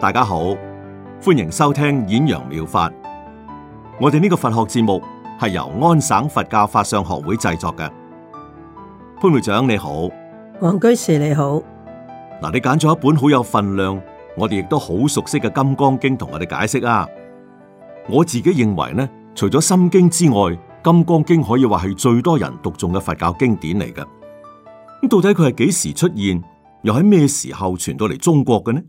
大家好，歡迎收聽演揚妙,妙法。我哋呢個佛學節目係由安省佛教法相學會製作嘅。潘會長你好，黃居士你好。嗱，你揀咗一本好有分量，我哋亦都好熟悉嘅《金剛經》，同我哋解釋啊。我自己認為呢，除咗《心經》之外，《金剛經》可以話係最多人讀誦嘅佛教經典嚟嘅。咁到底佢係幾時出現，又喺咩時候傳到嚟中國嘅呢？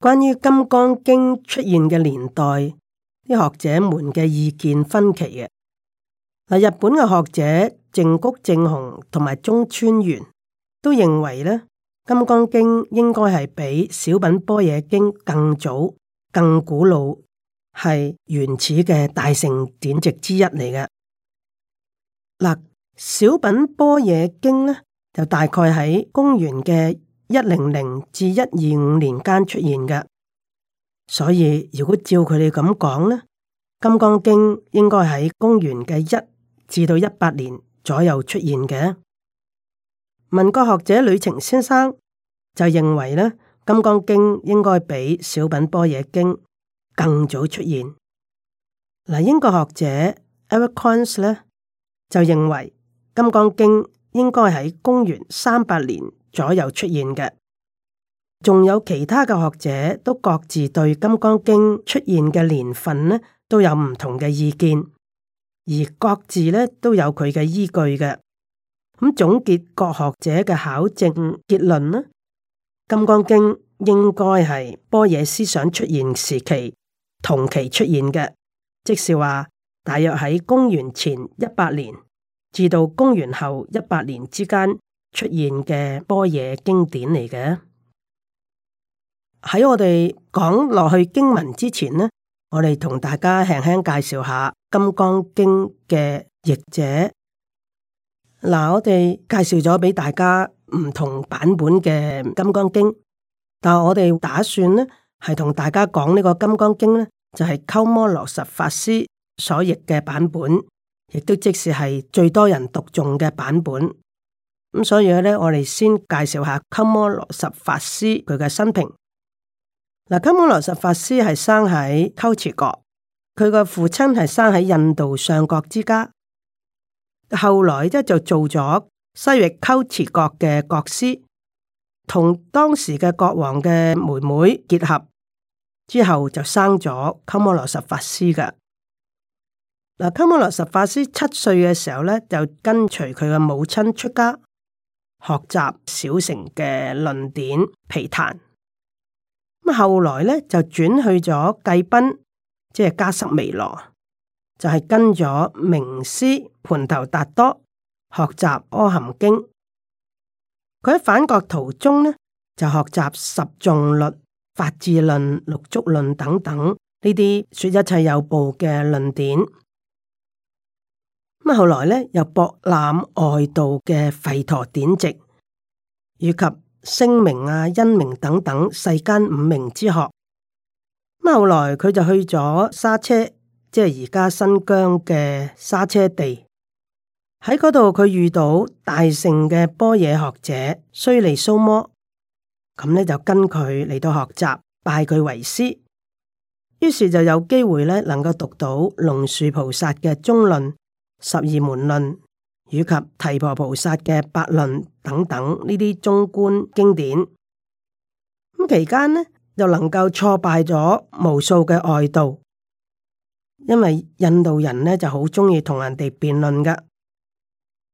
關於金剛經出現嘅年代，啲學者們嘅意見分歧嘅。嗱，日本嘅學者靜谷正雄同埋中村元都認為咧，金剛經應該係比小品般若經更早、更古老，係原始嘅大乘典籍之一嚟嘅。嗱，小品般若經咧就大概喺公元嘅。一零零至一二五年間出現嘅，所以如果照佢哋咁講呢，《金剛經》應該喺公元嘅一至到一八年左右出現嘅。民國學者呂程先生就認為呢，《金剛經》應該比《小品般若經》更早出現。嗱，英國學者 Eric Quans 呢就認為《金剛經》應該喺公元三百年，左右出現嘅，仲有其他嘅學者都各自對《金剛經》出現嘅年份呢，都有唔同嘅意見，而各自呢都有佢嘅依據嘅。咁總結各學者嘅考證結論呢，《金剛經》應該係般若思想出現時期同期出現嘅，即是話大約喺公元前一百年至到公元後一百年之間。出現嘅般若經典嚟嘅，喺我哋講落去經文之前呢，我哋同大家輕輕介紹下《金剛經》嘅譯者。嗱，我哋介紹咗俾大家唔同版本嘅《金剛經》，但我哋打算呢係同大家講呢，這個《金剛經》呢就係、是、鳩摩羅什法師所譯嘅版本，亦都即係是係最多人讀誦嘅版本。咁、嗯、所以咧，我哋先介紹下鳩摩羅什法師佢嘅生平。嗱，鳩摩羅什法師係生喺龜茲國，佢個父親係生喺印度上國之家，後來即係就做咗西域龜茲國嘅國師，同當時嘅國王嘅妹妹結合之後就生咗鳩摩羅什法師嘅。嗱，鳩摩羅什法師七歲嘅時候咧，就跟隨佢嘅母親出家。學習小乘嘅論典、毗曇，咁啊後來咧就轉去咗罽賓，即係迦濕彌羅，就係、是、跟咗名師盤頭達多學習阿含經。佢喺返國途中咧就學習十誦律、發智論、六足論等等呢啲說一切有部嘅論典。咁後來咧，又博覽外道嘅吠陀典籍，以及聲明啊、因明等等世間五明之學。咁後來佢就去咗沙車，即係而家新疆嘅沙車地，喺嗰度佢遇到大乘嘅般若學者須利蘇摩，咁呢就跟佢嚟到學習，拜佢為師，於是就有機會咧能夠讀到龍樹菩薩嘅中論。十二門論以及提婆菩薩嘅百論等等呢啲中觀經典，咁期間呢又能夠挫敗咗無數嘅外道，因為印度人呢就好鍾意同人哋辯論噶，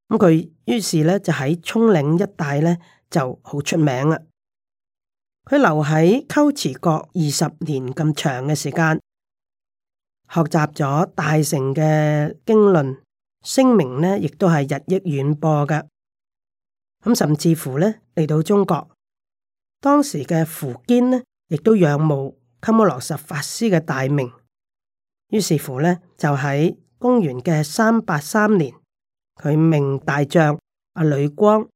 咁佢於是呢就喺蔥嶺一帶呢就好出名啦。佢留喺鳩池國二十年咁長嘅時間，學習咗大乘嘅經論。聲名呢，亦都係日益遠播噶。咁甚至乎呢，嚟到中國，當時嘅苻堅呢，亦都仰慕鳩摩羅什法師嘅大名，於是乎呢就喺公元嘅三八三年，佢命大將阿呂光，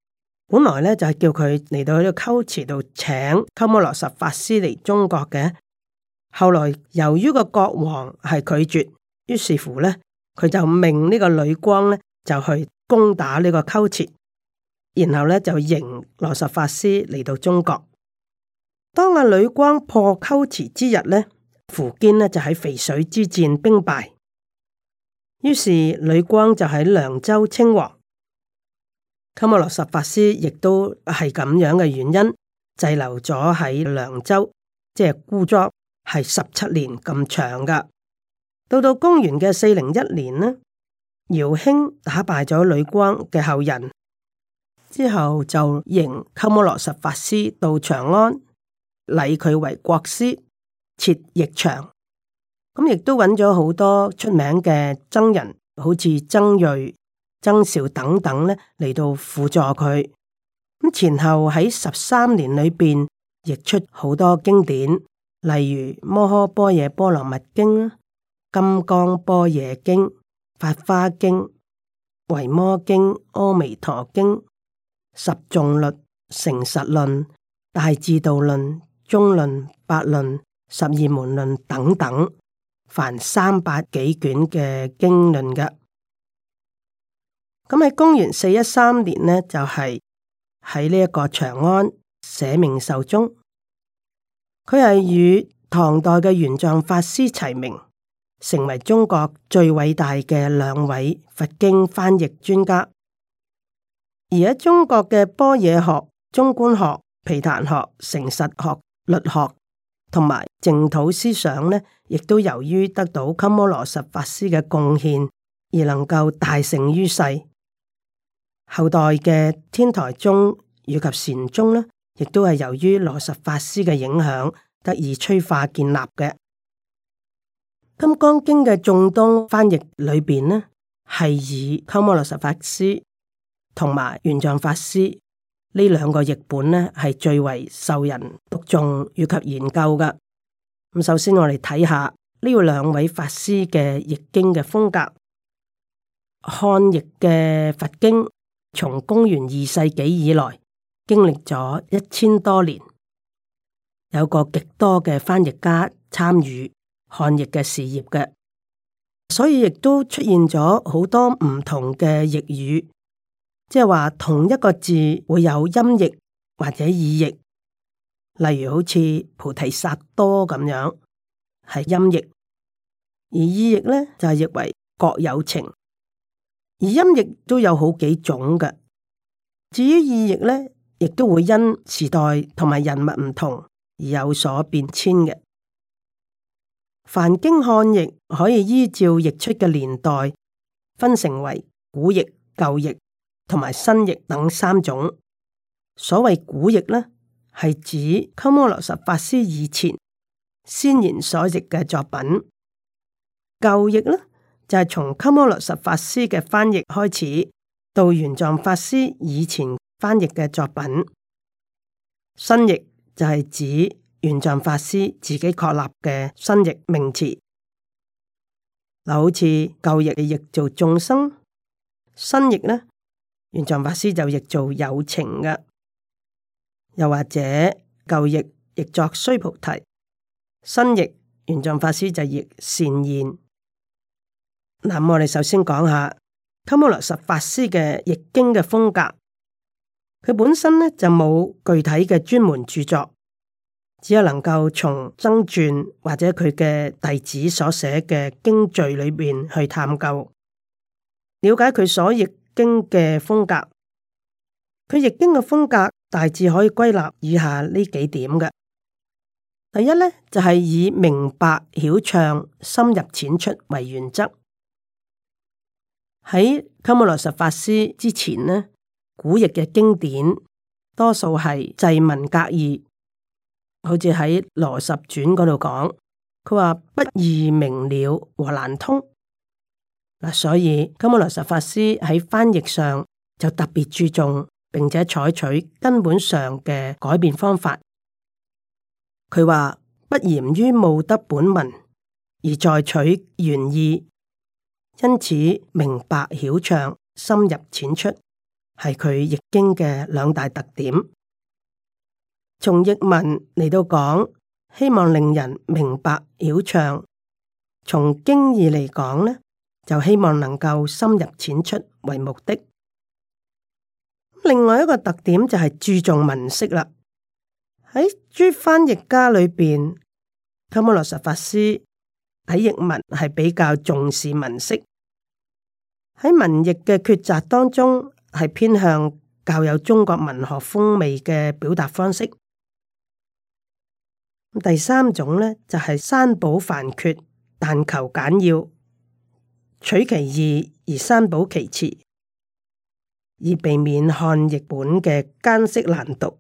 本來呢就係、是、叫佢嚟到呢個龜茲度請鳩摩羅什法師嚟中國嘅。後來由於個國王係拒絕，於是乎呢。佢就命呢個呂光呢，就去攻打呢個龜茲，然後呢，就迎羅什法師嚟到中國。當阿呂光破龜茲之日呢，苻堅呢，就喺淝水之戰兵敗，於是呂光就喺涼州稱王。咁阿羅什法師亦都係咁樣嘅原因，滯留咗喺涼州，即、就、係、是、姑臧，係十七年咁長㗎。到到公元嘅四零一年呢，姚興打敗咗呂光嘅後人之後，就迎鳩摩羅什法師到長安，禮佢為國師，設譯場。咁亦都揾咗好多出名嘅僧人，好似曾睿、曾紹等等呢嚟到輔助佢。咁前後喺十三年裏邊，譯出好多經典，例如《摩訶波耶波羅蜜經》。金剛般若經、法花經、維摩經、阿彌陀經、十誦律、成實論、大智度論、中論、百論、十二門論等等，凡三百幾卷嘅經論噶。咁喺公元四一三年呢，就係喺呢一個長安寫明壽終，佢係與唐代嘅玄奘法師齊名。成為中國最偉大嘅兩位佛經翻譯專家，而喺中國嘅般若學、中觀學、毗曇學、成實學、律學同埋淨土思想呢，亦都由於得到鳩摩羅什法師嘅貢獻，而能夠大成於世。後代嘅天台宗以及禪宗呢，亦都係由於羅什法師嘅影響，得以催化建立嘅。《金剛經》嘅眾多翻譯裏面，呢，係以鳩摩羅什法師同埋玄奘法師呢兩個譯本呢，係最為受人尊重以及研究㗎。咁首先我哋睇下呢兩位法師嘅譯經嘅風格。漢譯嘅佛經從公元二世紀以來，經歷咗一千多年，有個極多嘅翻譯家參與。漢譯嘅事業嘅，所以亦都出現咗好多唔同嘅譯語，即係話同一個字會有音譯或者意譯。例如好似菩提薩多咁樣，係音譯，而意譯咧就係譯為覺有情。而音譯都有好幾種嘅，至於意譯咧，亦都會因時代同埋人物唔同而有所變遷嘅。凡經漢譯可以依照譯出嘅年代，分成為古譯、舊譯同埋新譯等三種。所謂古譯呢，係指鳩摩羅什法師以前先賢所譯嘅作品；舊譯呢，就係、是、從鳩摩羅什法師嘅翻譯開始到玄奘法師以前翻譯嘅作品；新譯就係指。玄奘法師自己確立嘅新譯名詞，好似舊譯譯做眾生，新譯呢，玄奘法師就譯做有情嘅。又或者舊譯譯作須菩提，新譯玄奘法師就譯善現。嗱，我哋首先講下鳩摩羅什法師嘅譯經嘅風格，佢本身呢，就冇具體嘅專門著作。只有能夠從僧傳或者佢嘅弟子所寫嘅經序裏面去探究，了解佢所譯經嘅風格。佢譯經嘅風格大致可以歸納以下呢幾點嘅。第一咧就係、是、以明白曉暢、深入淺出為原則。喺鳩摩羅什法師之前呢，古譯嘅經典多數係祭文格義。好似喺《羅什傳》嗰度講，佢話不易明了和難通嗱，所以金本羅什法師喺翻譯上就特別注重，並且採取根本上嘅改變方法。佢話不嚴於務得本文，而在取原意，因此明白曉暢、深入淺出係佢譯經嘅兩大特點。從譯文嚟到講，希望令人明白曉暢；從經義嚟講呢就希望能夠深入淺出為目的。另外一個特點就係注重文式啦。喺諸翻譯家裏邊，鳩摩羅什法師喺譯文係比較重視文式。喺文譯嘅抉擇當中係偏向較有中國文學風味嘅表達方式。第三種呢，就係、是、刪補繁缺，但求簡要，取其意而刪補其詞，以避免漢譯本嘅艱澀難讀。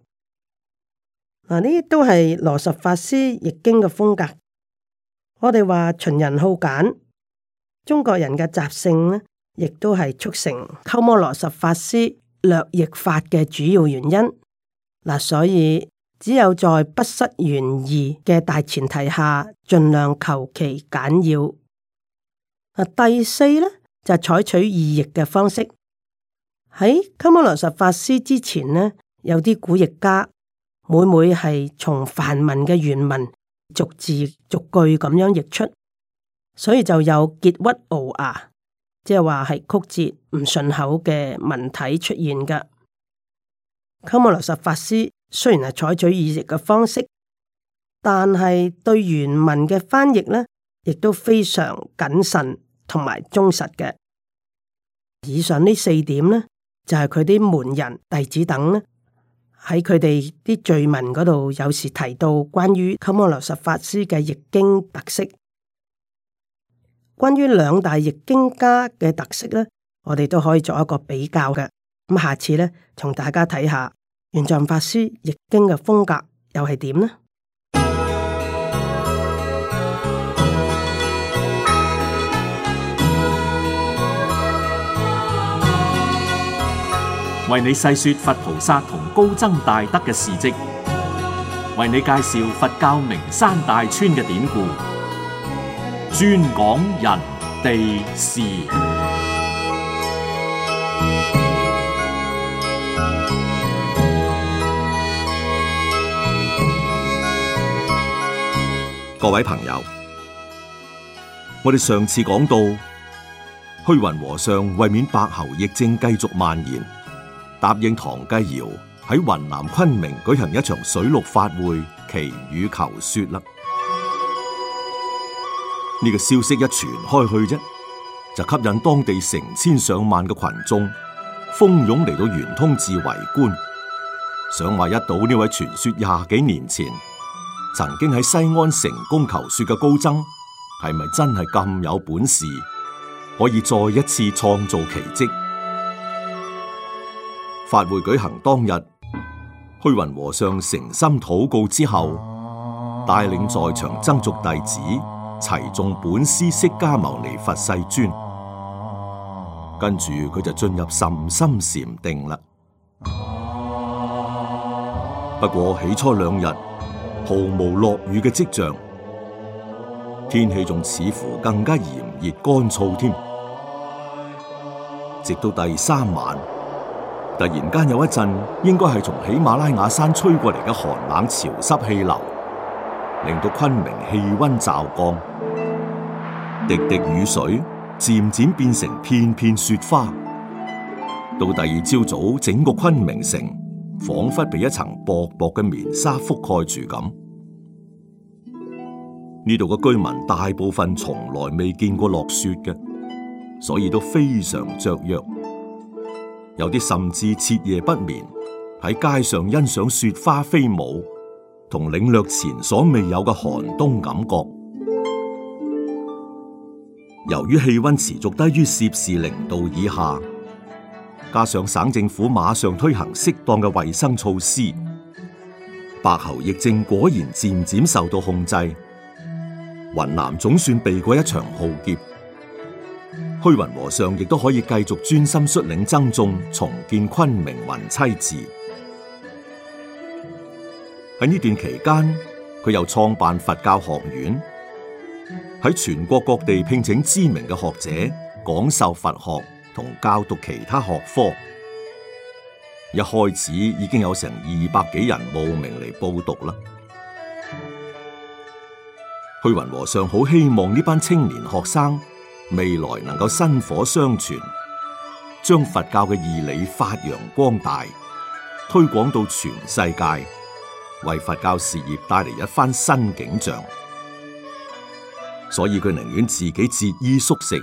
嗱、啊，呢都係羅什法師譯經嘅風格。我哋話秦人好簡，中國人嘅習性呢，亦都係促成鳩摩羅什法師略譯法嘅主要原因。嗱、啊，所以。只有在不失原意嘅大前提下，盡量求其簡要。第四呢，就是採取意譯嘅方式。喺鳩摩羅什法師之前呢，有啲古譯家，每每係從梵文嘅原文逐字逐句咁樣譯出，所以就有佶屈聱牙、啊，即係話係曲折唔順口嘅文體出現噶。鳩摩羅什法師。雖然係採取意譯嘅方式，但係對原文嘅翻譯咧，亦都非常謹慎同埋忠實嘅。以上呢四點咧，就係佢啲門人弟子等咧喺佢哋啲罪文嗰度，有時提到關於鳩摩羅什法師嘅譯經特色，關於兩大譯經家嘅特色咧，我哋都可以做一個比較嘅。咁下次咧，同大家睇下。玄奘法師譯經嘅風格又係點呢？為你細說佛菩薩同高僧大德嘅事迹，為你介紹佛教名山大川嘅典故，專講人地事。各位朋友，我哋上次講到，虛雲和尚為免白喉疫症繼續蔓延，答應唐繼堯喺雲南昆明舉行一場水陸法會祈雨求雪啦。呢個消息一傳開去啫，就吸引當地成千上萬嘅群眾蜂擁嚟到圓通寺圍觀，想話一睹呢位傳說廿幾年前。曾經喺西安成功求說嘅高僧，係咪真係咁有本事，可以再一次創造奇蹟？法會舉行當日，虛雲和尚誠心禱告之後，帶領在場僧俗弟子齊眾本師釋迦牟尼佛世尊，跟住佢就進入甚深禪定啦。不過起初兩日。毫無落雨嘅跡象，天氣仲似乎更加炎熱乾燥添。直到第三晚，突然間有一陣應該係從喜馬拉雅山吹過嚟嘅寒冷潮濕氣流，令到昆明氣溫驟降，滴滴雨水漸漸變成片片雪花。到第二朝早，整個昆明城。仿佛被一層薄薄嘅棉紗覆蓋住咁。呢度嘅居民大部分從來未見過落雪嘅，所以都非常雀躍。有啲甚至徹夜不眠喺街上欣賞雪花飛舞，同領略前所未有嘅寒冬感覺。由於氣溫持續低於攝氏零度以下。.加上省政府馬上推行適當嘅衛生措施，白喉疫症果然漸漸受到控制。雲南總算避過一場浩劫，虛雲和尚亦都可以繼續專心率領僧眾重，重建昆明雲棲寺。喺呢段期間，佢又創辦佛教學院，喺全國各地聘請知名嘅學者講授佛學。同教讀其他學科，一開始已經有成二百幾人慕名嚟報讀啦。虛雲和尚好希望呢班青年學生未來能夠薪火相傳，將佛教嘅義理發揚光大，推廣到全世界，為佛教事業帶嚟一番新景象。所以佢寧願自己節衣縮食。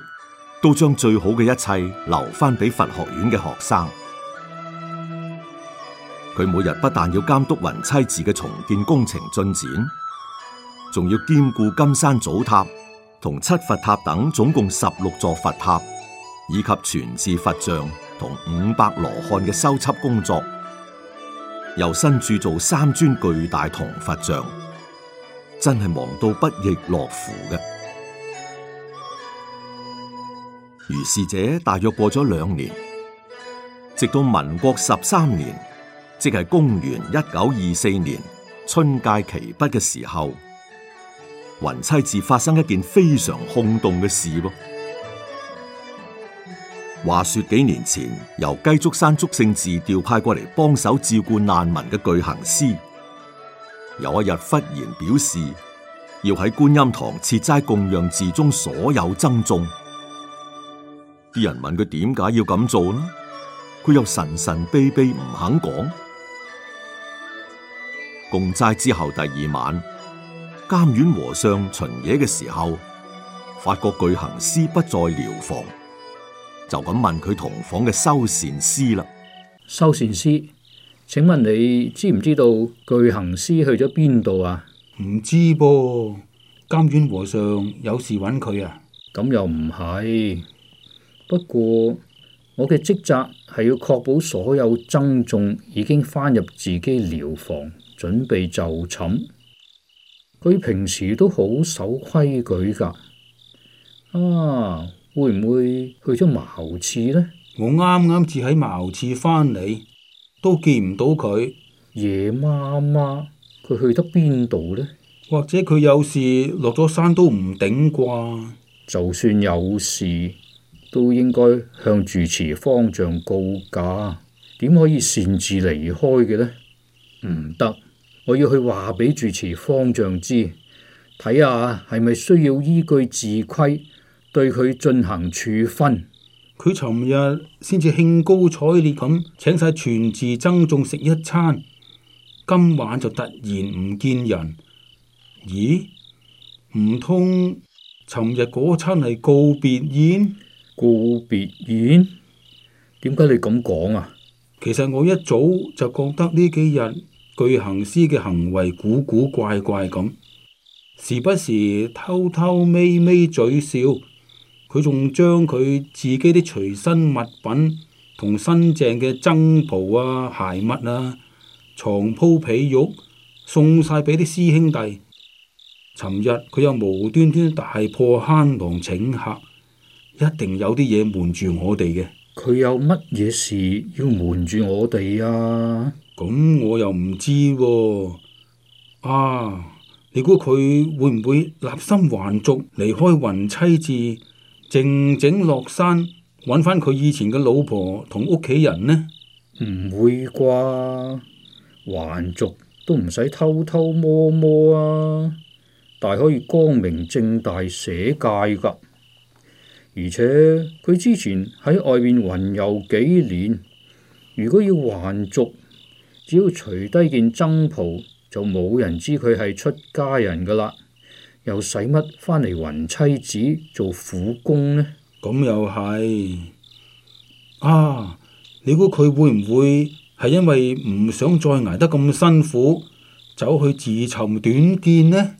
都將最好嘅一切留翻俾佛學院嘅學生。佢每日不但要監督雲棲寺嘅重建工程進展，仲要兼顧金山祖塔同七佛塔等總共十六座佛塔，以及全寺佛像同五百羅漢嘅修葺工作，又新鑄造三尊巨大銅佛像，真係忙到不亦樂乎嘅。如是者，大約過咗兩年，直到民國十三年，即係公元一九二四年春戒期畢嘅時候，雲棲寺發生一件非常轟動嘅事咯。話說幾年前，由雞足山祝聖寺調派過嚟幫手照顧難民嘅具行師，有一日忽然表示要喺觀音堂設齋供養寺中所有僧眾。啲人問佢點解要咁做呢？佢又神神秘秘唔肯講。共齋之後第二晚，監院和尚巡夜嘅時候，發覺具行師不在寮房，就咁問佢同房嘅修禪師啦。修禪師，請問你知唔知道具行師去咗邊度啊？唔知噃，監院和尚有事搵佢啊？咁又唔係。不過我嘅職責係要確保所有僧眾已經翻入自己寮房準備就寢。佢平時都好守規矩噶，啊，會唔會去咗茅廁呢？我啱啱至喺茅廁翻嚟，都見唔到佢。夜媽媽，佢去得邊度呢？或者佢有事落咗山都唔頂啩？就算有事。都應該向住持方丈告假，點可以擅自離開嘅呢？唔得，我要去話俾住持方丈知，睇下係咪需要依據寺規對佢進行處分。佢尋日先至興高采烈咁請晒全寺僧眾食一餐，今晚就突然唔見人。咦？唔通尋日嗰餐係告別宴？告別宴？點解你咁講啊？其實我一早就覺得呢幾日具行師嘅行為古古怪怪咁，時不時偷偷眯眯嘴笑，佢仲將佢自己啲隨身物品同新淨嘅僧袍啊、鞋襪啊、床鋪被褥送晒俾啲師兄弟。尋日佢又無端端大破慳囊請客。一定有啲嘢瞞住我哋嘅。佢有乜嘢事要瞞住我哋啊？咁我又唔知喎、啊。啊，你估佢會唔會立心還俗離開雲棲寺，靜靜落山，揾翻佢以前嘅老婆同屋企人呢？唔會啩？還俗都唔使偷偷摸摸啊，但係可以光明正大捨戒噶。而且佢之前喺外面雲遊幾年，如果要還俗，只要除低件僧袍，就冇人知佢係出家人噶啦。又使乜翻嚟云妻子做苦工呢？咁又係啊？你估佢會唔會係因為唔想再挨得咁辛苦，走去自尋短見呢？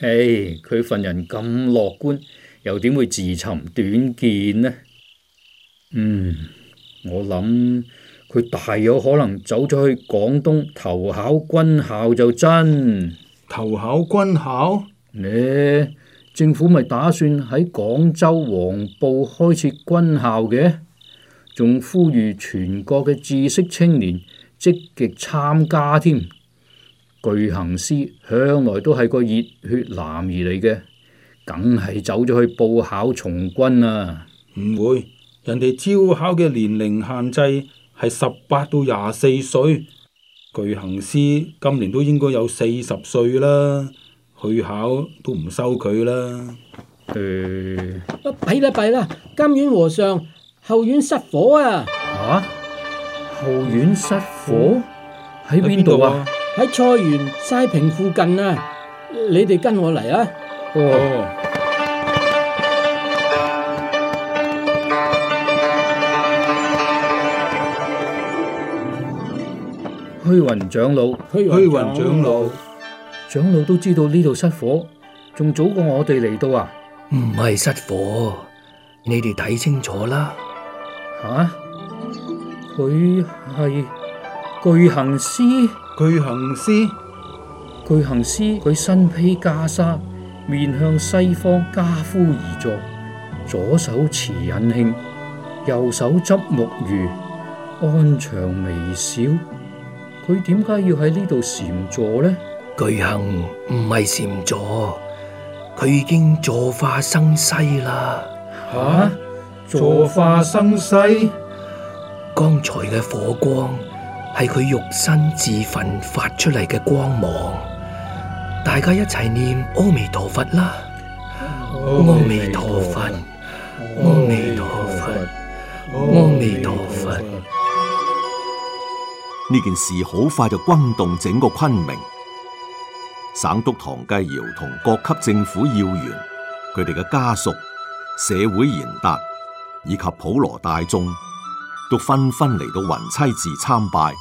唉，佢份人咁樂觀。又點會自尋短見呢？嗯，我諗佢大有可能走咗去廣東投考軍校，就真投考軍校。你、欸、政府咪打算喺廣州黃埔開設軍校嘅，仲呼籲全國嘅知識青年積極參加添。具行師向來都係個熱血男兒嚟嘅。梗係走咗去報考從軍啦！唔會，人哋招考嘅年齡限制係十八到廿四歲，具行師今年都應該有四十歲啦，去考都唔收佢啦。誒，弊啦弊啦！監院和尚後院失火啊！吓，後院失火喺邊度啊？喺菜園曬坪附近啊！你哋跟我嚟啊！哦、虛雲長老，虛雲長老，長老都知道呢度失火，仲早過我哋嚟到啊！唔係失火，你哋睇清楚啦。吓、啊，佢係具行師，具行師，具行師，佢身披袈裟，面向西方，跏趺而坐，左手持引磬，右手執木魚，安詳微笑。佢點解要喺呢度禪坐咧？具行唔係禪坐，佢已經坐化生西啦。吓、啊，坐化生西，剛、啊、才嘅火光係佢肉身自焚發出嚟嘅光芒。大家一齊念阿彌陀佛啦！阿彌陀佛，阿彌陀佛，阿彌陀佛。呢件事好快就轟動整個昆明，省督唐繼堯同各級政府要員、佢哋嘅家屬、社會賢達以及普羅大眾，都紛紛嚟到雲棲寺參拜。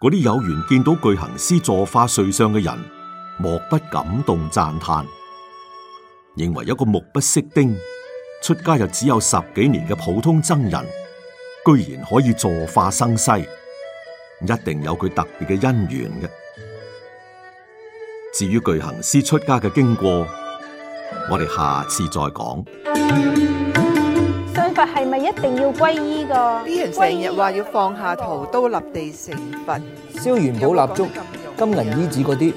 嗰啲有緣見到具行師坐化瑞相嘅人，莫不感動讚嘆，認為一個目不識丁、出家又只有十幾年嘅普通僧人，居然可以坐化生西，一定有佢特別嘅因緣嘅。至於具行師出家嘅經過，我哋下次再講。係咪一定要皈依噶？啲人成日話要放下屠刀立地成佛，燒元寶蠟燭、金銀衣子嗰啲，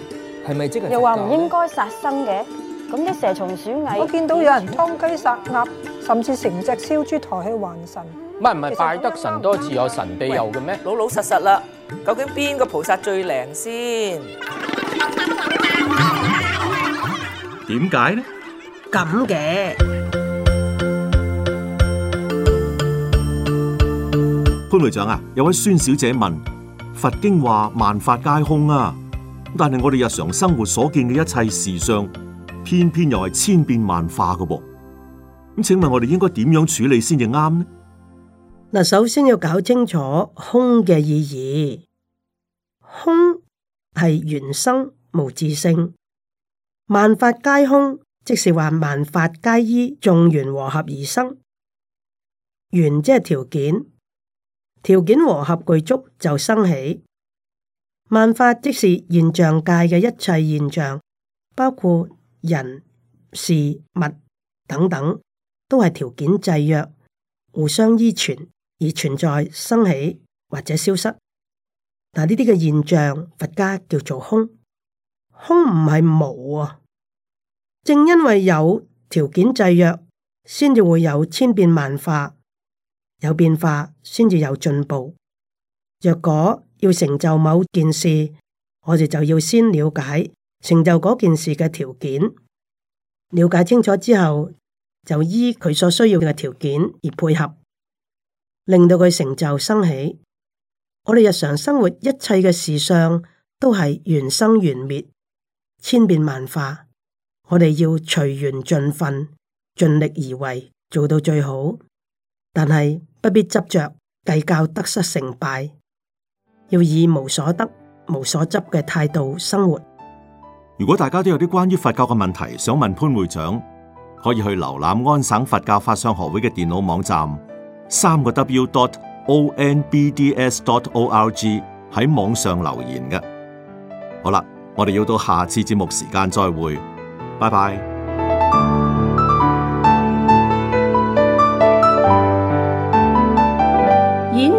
係咪即係？又話唔應該殺生嘅，咁啲蛇蟲鼠蟻，我見到有人劏雞殺鴨，甚至成隻燒豬抬去還神。唔係唔係，拜得神多自有神庇佑嘅咩？老老實實啦，究竟邊個菩薩最靈先？點解呢？咁嘅。潘隊長啊，有位孫小姐問：佛經話萬法皆空啊，但係我哋日常生活所見嘅一切事相，偏偏又係千變萬化嘅噃。咁，請問我哋應該點樣處理先至啱呢？嗱，首先要搞清楚空嘅意義。空係原生無自性，萬法皆空，即是話萬法皆依眾緣和合而生。緣即係條件。條件和合具足就生起萬法，化即是現象界嘅一切現象，包括人、事、物等等，都係條件制約，互相依存而存在、生起或者消失。但呢啲嘅現象，佛家叫做空，空唔係無啊。正因為有條件制約，先至會有千變萬化。有變化先至有進步。若果要成就某件事，我哋就要先了解成就嗰件事嘅條件。了解清楚之後，就依佢所需要嘅條件而配合，令到佢成就生起。我哋日常生活一切嘅事相都係緣生緣滅，千變萬化。我哋要隨緣盡分，盡力而為，做到最好。但係。不必執着計較得失成敗，要以無所得、無所執嘅態度生活。如果大家都有啲關於佛教嘅問題想問潘會長，可以去瀏覽安省佛教法相學會嘅電腦網站，三個 W dot O N B D S dot O R G 喺網上留言嘅。好啦，我哋要到下次節目時間再會，拜拜。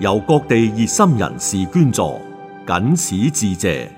由各地熱心人士捐助，僅此致謝。